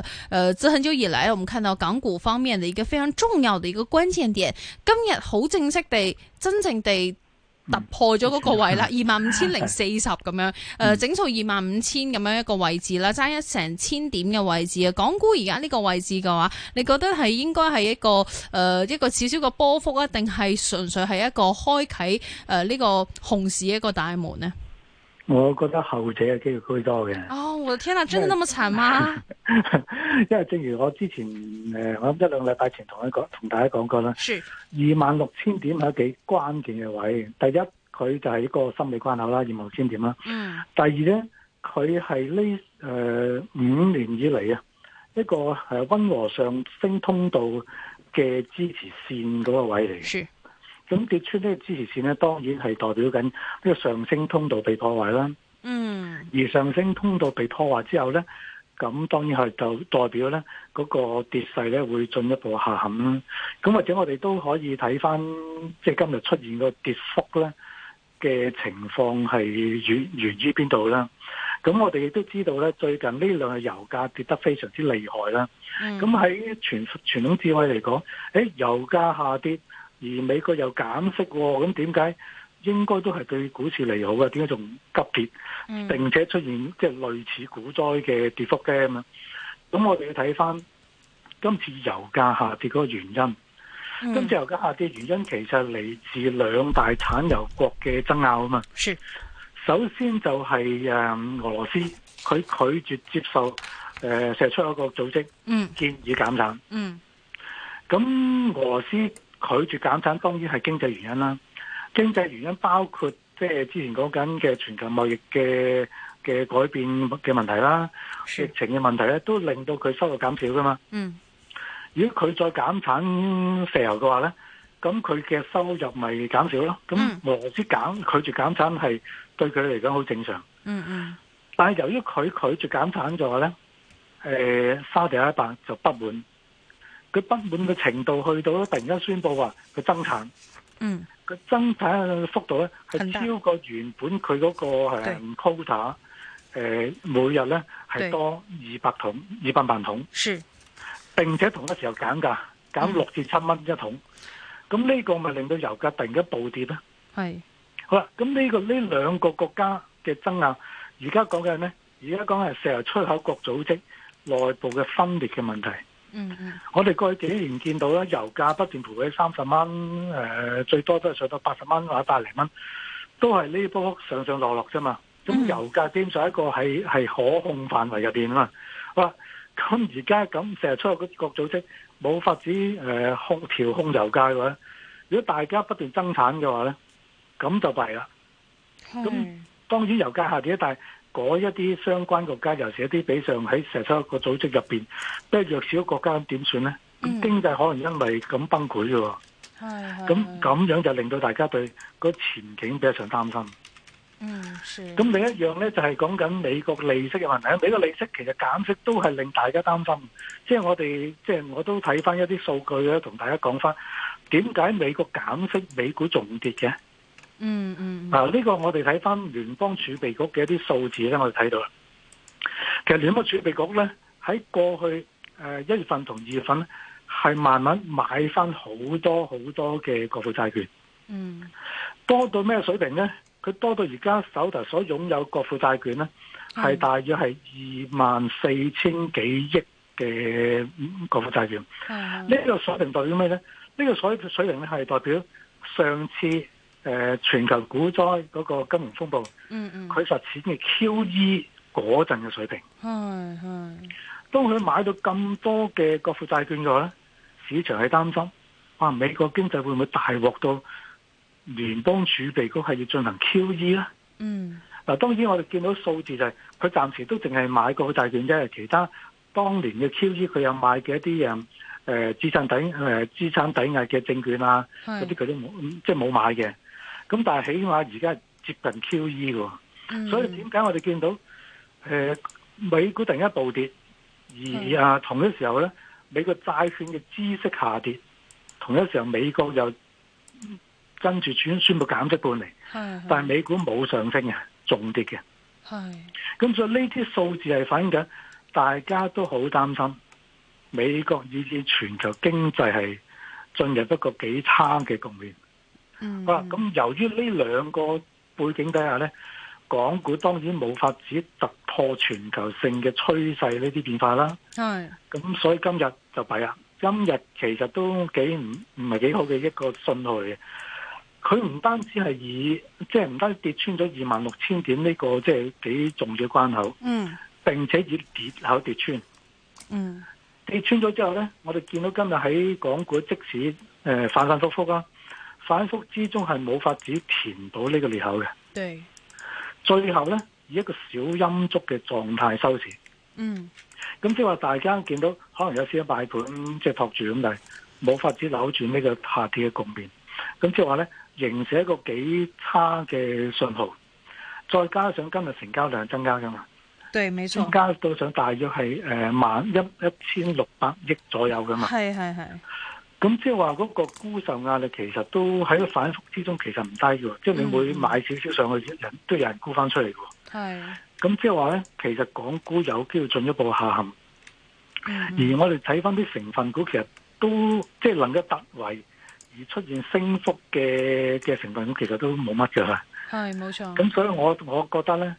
誒、呃、誒，自很久以來，我們看到港股方面的一個非常重要的一個關鍵點，今日好正式地真正地突破咗嗰個位啦，二萬五千零四十咁樣，誒、呃，整數二萬五千咁樣一個位置啦，差一成千點嘅位置啊！港股而家呢個位置嘅話，你覺得係應該係一個誒、呃、一個小小嘅波幅啊，定係純粹係一個開啓誒呢個熊市一個大門呢？我覺得後者嘅機會居多嘅。哦，我的天啊，真的那麼慘嗎？因 為正如我之前誒，我諗一兩禮拜前同一個同大家講過啦，二萬六千點係幾關鍵嘅位，第一佢就係一個心理關口啦，二萬六千點啦。嗯。第二呢佢係呢誒五年以嚟，啊一個溫和上升通道嘅支持線嗰個位嚟。是。咁跌出呢個支持線呢，當然係代表緊呢個上升通道被破壞啦。嗯。而上升通道被破壞之後呢，咁當然係就代表呢個跌勢呢會進一步下陷啦。咁或者我哋都可以睇翻，即係今日出現個跌幅呢嘅情況係源源於邊度啦？咁我哋亦都知道呢，最近呢兩日油價跌得非常之厲害啦。咁喺傳傳統智慧嚟講，誒油價下跌。而美國又減息，哦，咁點解應該都係對股市利好嘅？點解仲急跌，並且出現即、係、類似股災嘅跌幅嘅咁，咁我哋要睇翻今次油價下跌嗰個原因。嗯。今次油價下跌原因其實嚟自兩大產油國嘅爭拗啊嘛。首先就係俄羅斯，佢拒絕接受誒石油一個組織建議減產。嗯。咁、嗯、俄羅斯。拒絕減產當然係經濟原因啦，經濟原因包括即係之前講緊嘅全球貿易嘅嘅改變嘅問題啦，疫情嘅問題咧都令到佢收入減少噶嘛。嗯。如果佢再減產石油嘅話咧，咁佢嘅收入咪減少咯。咁俄羅斯減拒絕減產係對佢嚟講好正常。嗯嗯。但係由於佢拒絕減產咗咧，誒、欸、沙地阿伯就不滿。佢不滿嘅程度去到咧，突然間宣佈話佢增產，嗯，佢增產嘅幅度咧係超過原本佢嗰個係啦 quota，誒，每日咧係多二百桶，二百萬桶，是並且同一時候減價，減六至七蚊一桶，咁呢個咪令到油價突然間暴跌咧？係好啦，咁呢個呢兩個國家嘅爭拗，而家講緊咩，而家講緊係石油出口國組織內部嘅分裂嘅問題。嗯嗯，我哋過去幾年見到咧，油價不斷徘徊三十蚊，誒，最多都係上到八十蚊或者百零蚊，都係呢波上上落落啫嘛。咁，mm -hmm. 油價基本上一個係係可控範圍入邊啊嘛。哇，嗯，咁而家咁成日出入嗰個組織冇法子誒控調控油價嘅話，如果大家不斷增產嘅話咧，咁就弊啦。咁，mm -hmm. 當然油價下跌，但係。嗰一啲相關國家，尤其啲比重喺石油個組織入邊，都係弱小國家點算咧？經濟可能因為咁崩潰嘅喎，咁咁樣就令到大家對個前景比較上擔心。嗯，是。咁另一樣咧，就係講緊美國利息嘅問題，美國利息其實減息都係令大家擔心，即係我哋，即係我都睇翻一啲數據咧，同大家講翻點解美國減息美股重跌嘅。嗯嗯，嗱、嗯、呢、嗯這個我哋睇翻聯邦儲備局嘅一啲數字咧，我哋睇到啦。其實聯邦儲備局咧喺過去誒一、呃、月份同二月份咧，係慢慢買翻好多好多嘅國庫債券。嗯，多到咩水平咧？佢多到而家手頭所擁有國庫債券咧，係大約係二萬四千幾億嘅國庫債券。呢、這個水平代表咩咧？呢、這個所水平咧係代表上次。誒全球股災嗰個金融風暴，嗯嗯，佢實踐嘅 QE 嗰陣嘅水平，嗯嗯，當佢買到咁多嘅國庫債券嘅話咧，市場係擔心，啊美國經濟會唔會大鑊到聯邦儲備局係要進行 QE 啦。嗯，嗱當然我哋見到數字就係、是、佢暫時都淨係買國庫債券啫，其他當年嘅 QE 佢有買嘅一啲誒、呃、資產抵誒、呃、資產抵押嘅證券啊，嗰啲佢都冇即係冇買嘅。咁但係起碼而家接近 QE 喎，所以點解我哋見到、呃、美股突然間暴跌，而啊的同一時候咧，美國債券嘅孳息下跌，同一時候美國又跟住宣宣布減息半厘，但係美股冇上升嘅，重跌嘅。係，咁所以呢啲數字係反映緊大家都好擔心美國以至全球經濟係進入一個幾差嘅局面。哇！咁、 嗯嗯、由於呢兩個背景底下咧，港股當然冇法子突破全球性嘅趨勢呢啲變化啦。係、嗯、咁，所以今日就弊啦。今日其實都幾唔唔係幾好嘅一個訊號嚟嘅。佢唔單止係以即係唔單止跌穿咗二萬六千點呢、這個即係幾重嘅關口，嗯，並且以跌口跌穿，嗯，跌穿咗之後呢，我哋見到今日喺港股即使誒、呃、反反覆覆啦、啊。反覆之中係冇法子填到呢個裂口嘅，對，最後呢，以一個小陰燭嘅狀態收市。嗯，咁即係話大家見到可能有少少賣盤，即係托住咁嚟，但係冇法子扭轉呢個下跌嘅局面。咁即係話呢，形成一個幾差嘅信號，再加上今日成交量增加噶嘛，對，沒錯，增加到上大約係誒萬一一千六百億左右噶嘛，係係係。對對咁即係話嗰個沽售壓力其實都喺個反覆之中，其實唔低嘅，即、嗯、係、就是、你每買少少上去，都有人沽翻出嚟嘅。係。咁即係話咧，其實港股有機會進一步下行，嗯，而我哋睇翻啲成分股，其實都即係、就是、能夠突圍而出現升幅嘅嘅成分股，其實都冇乜嘅。係冇錯。咁所以我我覺得咧，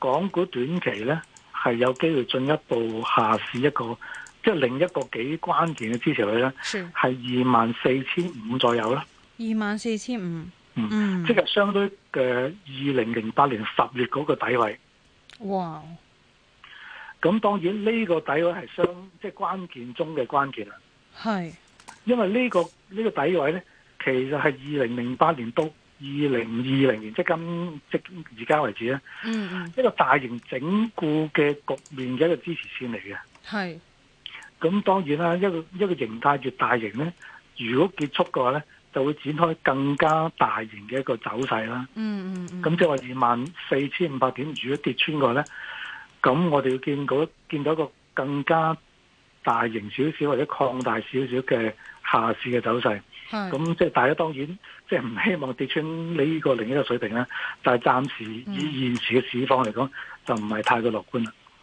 港股短期咧係有機會進一步下試一個。即係另一個幾關鍵嘅支持位咧，係二萬四千五左右啦。二萬四千五，嗯，即係相對嘅二零零八年十月嗰個底位。哇！咁當然呢個底位係相即係、就是、關鍵中嘅關鍵啦。係，因為呢、這個呢、這個底位咧，其實係二零零八年到二零二零年，即今即而家為止咧。嗯，一個大型整固嘅局面嘅一個支持線嚟嘅。係。咁當然啦，一個一個形態越大型咧，如果結束嘅話咧，就會展開更加大型嘅一個走勢啦。嗯嗯咁即係話二萬四千五百點如果跌穿嘅話咧，咁我哋要見到，見到一個更加大型少少或者擴大少少嘅下市嘅走勢。咁即係大家當然即係唔希望跌穿呢個另一個水平啦。但係暫時以現時嘅市況嚟講，就唔係太過樂觀啦。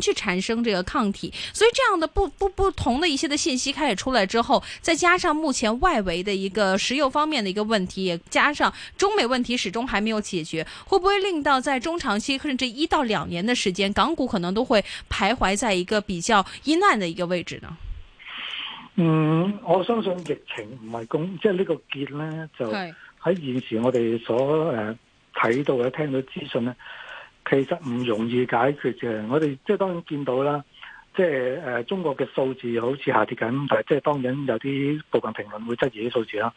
去產生這個抗體，所以這樣的不不不同的一些的信息開始出來之後，再加上目前外圍的一個石油方面的一個問題，也加上中美問題始終還沒有解決，會不會令到在中長期甚至一到兩年的時間，港股可能都會徘徊在一個比較陰暗的一個位置呢？嗯，我相信疫情唔係咁。即係呢個結呢，就喺現時我哋所誒睇到嘅、聽到資訊呢。其實唔容易解決嘅，我哋即係當然見到啦，即係誒，中國嘅數字好似下跌緊，但即係當然有啲部分評論會質疑啲數字啦。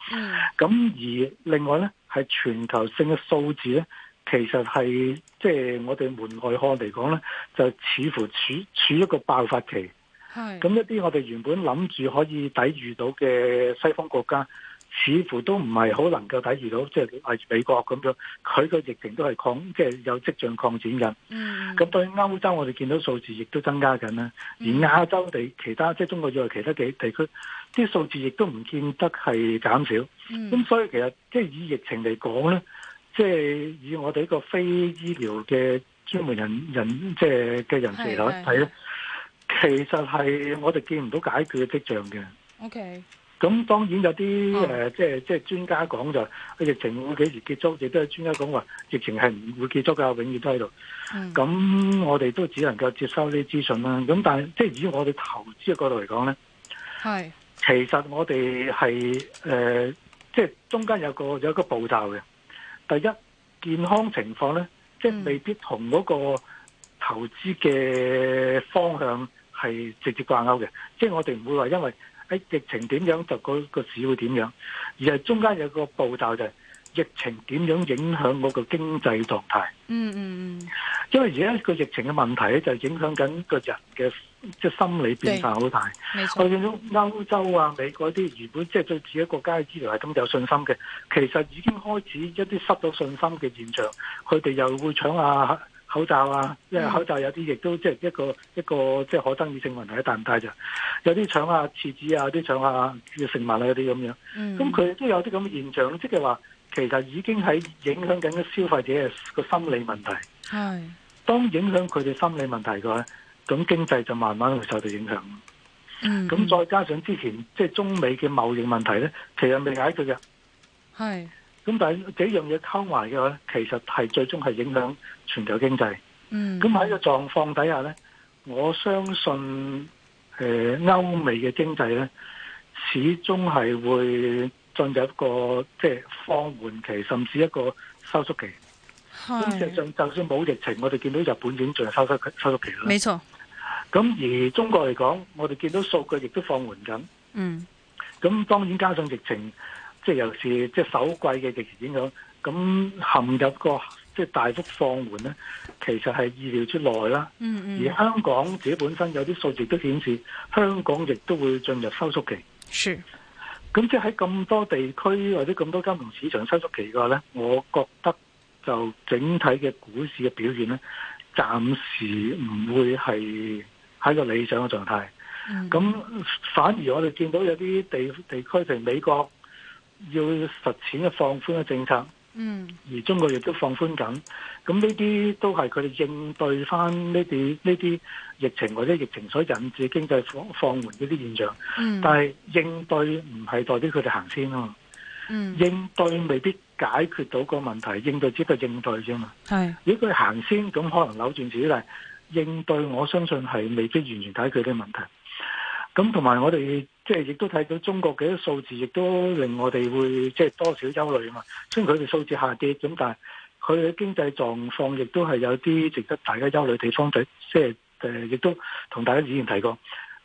咁而另外咧，係全球性嘅數字咧，其實係即係我哋門外漢嚟講咧，就似乎處處於一個爆發期。係咁一啲我哋原本諗住可以抵御到嘅西方國家。似乎都唔係好能夠睇住到，即係美國咁樣，佢個疫情都係擴，即係有迹象擴展緊。嗯。咁對歐洲，我哋見到數字亦都增加緊啦、嗯。而亞洲地其他，即係中國以外其他幾地區，啲數字亦都唔見得係減少。嗯。咁所以其實即係以疫情嚟講咧，即係以我哋一個非醫療嘅專門人人，即係嘅人士嚟睇咧，其實係我哋見唔到解決嘅跡象嘅。O K。咁當然有啲誒，即係即係專家講就疫情會幾時結束，亦都有專家講話疫情係唔會結束㗎，永遠都喺度。咁、嗯、我哋都只能夠接收呢啲資訊啦。咁但係即係以我哋投資嘅角度嚟講咧，係其實我哋係誒，即係中間有個有一個步驟嘅。第一，健康情況咧，即係未必同嗰個投資嘅方向係直接掛鈎嘅、嗯嗯，即係我哋唔會話因為。喺疫情點樣就嗰、那個市會點樣，而係中間有個步驟就係疫情點樣影響我個經濟狀態。嗯嗯，因為而家個疫情嘅問題咧，就影響緊個人嘅即係心理變化好大。我見到歐洲啊、美國啲原本即係對自己國家嘅醫療係咁有信心嘅，其實已經開始一啲失咗信心嘅現象，佢哋又會搶啊口罩啊，即係口罩有啲亦都即係一個一個，一個即係可爭議性問題，帶唔帶就？有啲搶吓廁紙啊，啲搶吓食物啊，嗰啲咁樣。咁佢都有啲咁嘅現象，即係話其實已經喺影響緊消費者嘅心理問題。係，當影響佢哋心理問題嘅話，咁經濟就慢慢會受到影響。嗯，咁再加上之前即係、就是、中美嘅貿易問題咧，其實未解決。係。咁但係幾樣嘢溝埋嘅話咧，其實係最終係影響全球經濟。嗯，咁喺個狀況底下咧，我相信誒，歐美嘅經濟咧，始終係會進入一個即係、就是、放緩期，甚至一個收縮期。實際上就算冇疫情，我哋見到日本已經進入收縮收縮期啦。冇錯。咁而中國嚟講，我哋見到數據亦都放緩緊。嗯。咁當然加上疫情。即係尤其是即係首季嘅疫情影響，咁陷入個即係大幅放緩咧，其實係意料之內啦。是。而香港自己本身有啲數字都顯示，香港亦都會進入收縮期。咁即係喺咁多地區或者咁多金融市場收縮期嘅話咧，我覺得就整體嘅股市嘅表現咧，暫時唔會係喺個理想嘅狀態。咁反而我哋見到有啲地地區譬如美國，要實踐嘅放寬嘅政策，嗯，而中國亦都放寬緊，咁呢啲都係佢哋應對翻呢啲呢啲疫情或者疫情所引致經濟放放緩嗰啲現象，嗯，但係應對唔係代表佢哋行先咯，嗯，應對未必解決到個問題，應對只不過應對啫嘛，係，如果佢行先咁可能扭轉少啲，應對我相信係未必完全解決呢個問題，咁同埋我哋。即係亦都睇到中國嘅啲數字，亦都令我哋會即係、就是、多少憂慮啊嘛。雖然佢哋數字下跌，咁但係佢哋經濟狀況亦都係有啲值得大家憂慮地方。即係誒，亦都同大家以前提過，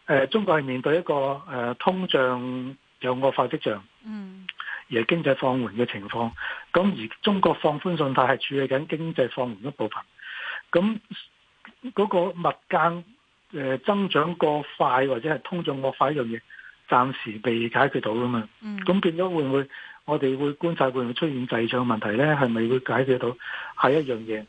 誒中國係面對一個誒通脹有惡化跡象，嗯，而是經濟放緩嘅情況。咁而中國放寬信貸係處理緊經濟放緩一部分。咁嗰個物價誒增長過快或者係通脹惡化一樣嘢。暫時被解決到噶嘛？咁、嗯、變咗會唔會我哋會觀察會唔會出現滯脹問題咧？係咪會解決到係一樣嘢？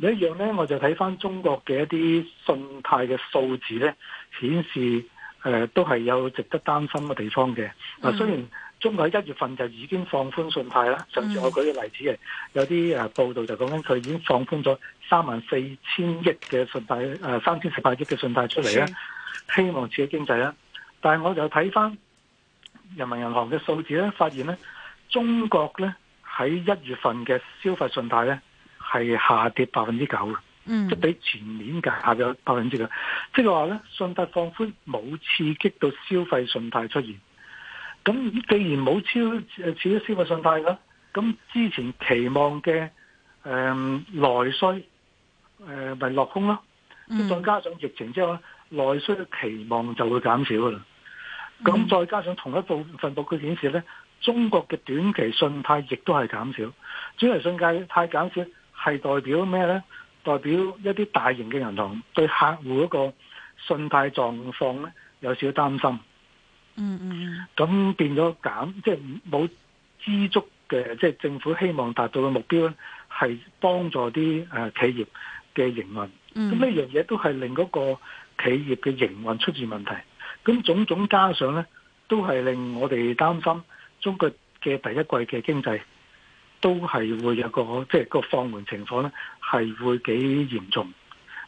另一樣咧，我就睇翻中國嘅一啲信貸嘅數字咧，顯示誒、呃、都係有值得擔心嘅地方嘅。嗱、嗯啊，雖然中國喺一月份就已經放寬信貸啦，甚、嗯、至我舉嘅例子嘅有啲誒報道就講緊佢已經放寬咗三萬四千億嘅信貸誒三千四百億嘅信貸出嚟咧，希望刺激經濟啦。但係我就睇翻人民銀行嘅數字咧，發現咧中國咧喺一月份嘅消費信貸咧係下跌百分之九，即係比前年嘅下跌百分之九。即係話咧，信貸放寬冇刺激到消費信貸出現。咁既然冇超誒刺激消費信貸啦，咁之前期望嘅誒內需誒咪落空咯。再加上疫情之後，嗯、內需嘅期望就會減少噶啦。咁、嗯、再加上同一部分報告顯示咧，中國嘅短期信貸亦都係減少。短期信貸太減少係代表咩咧？代表一啲大型嘅銀行對客戶嗰個信貸狀況咧有少擔心。嗯嗯，咁變咗減，即係冇資足嘅，即、就、係、是、政府希望達到嘅目標咧，係幫助啲誒企業嘅營運。咁呢樣嘢都係令嗰個企業嘅營運出現問題。咁種種加上咧，都係令我哋擔心中國嘅第一季嘅經濟都係會有個即係、就是、個放緩情況咧，係會幾嚴重。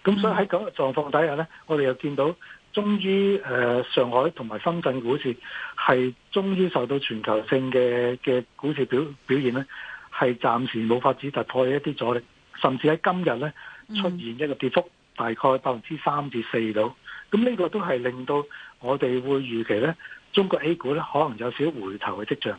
咁所以喺咁嘅狀況底下咧，我哋又見到終於誒上海同埋深圳股市係終於受到全球性嘅嘅股市表表現咧，係暫時冇法子突破一啲阻力，甚至喺今日咧，出現一個跌幅大概百分之三至四到。咁呢個都係令到我哋會預期咧，中國 A 股咧可能有少少回頭嘅跡象。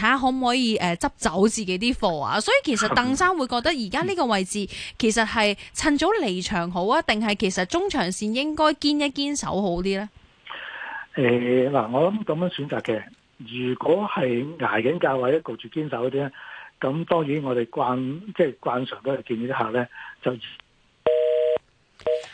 睇下可唔可以誒執、呃、走自己啲貨啊！所以其實鄧生會覺得而家呢個位置其實係趁早離場好啊，定係其實中長線應該堅一堅守好啲咧？誒、呃、嗱，我諗咁樣選擇嘅。如果係捱緊價位，焗住堅守嗰啲咧，咁當然我哋慣即係慣常都係建議一下咧就。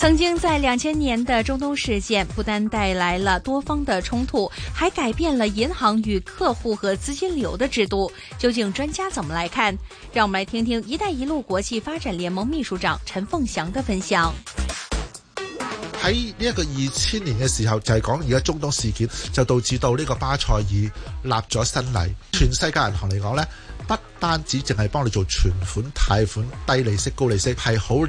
曾經在兩千年的中東事件，不單帶來了多方的衝突，還改變了銀行與客戶和資金流的制度。究竟專家怎麼來看？讓我們來聽聽“一帶一路”國際發展聯盟秘書長陳鳳祥的分享。喺呢一個二千年嘅時候，就係講而家中東事件就導致到呢個巴塞爾立咗新例。全世界銀行嚟講咧，不單止淨係幫你做存款、貸款、低利息、高利息，係好。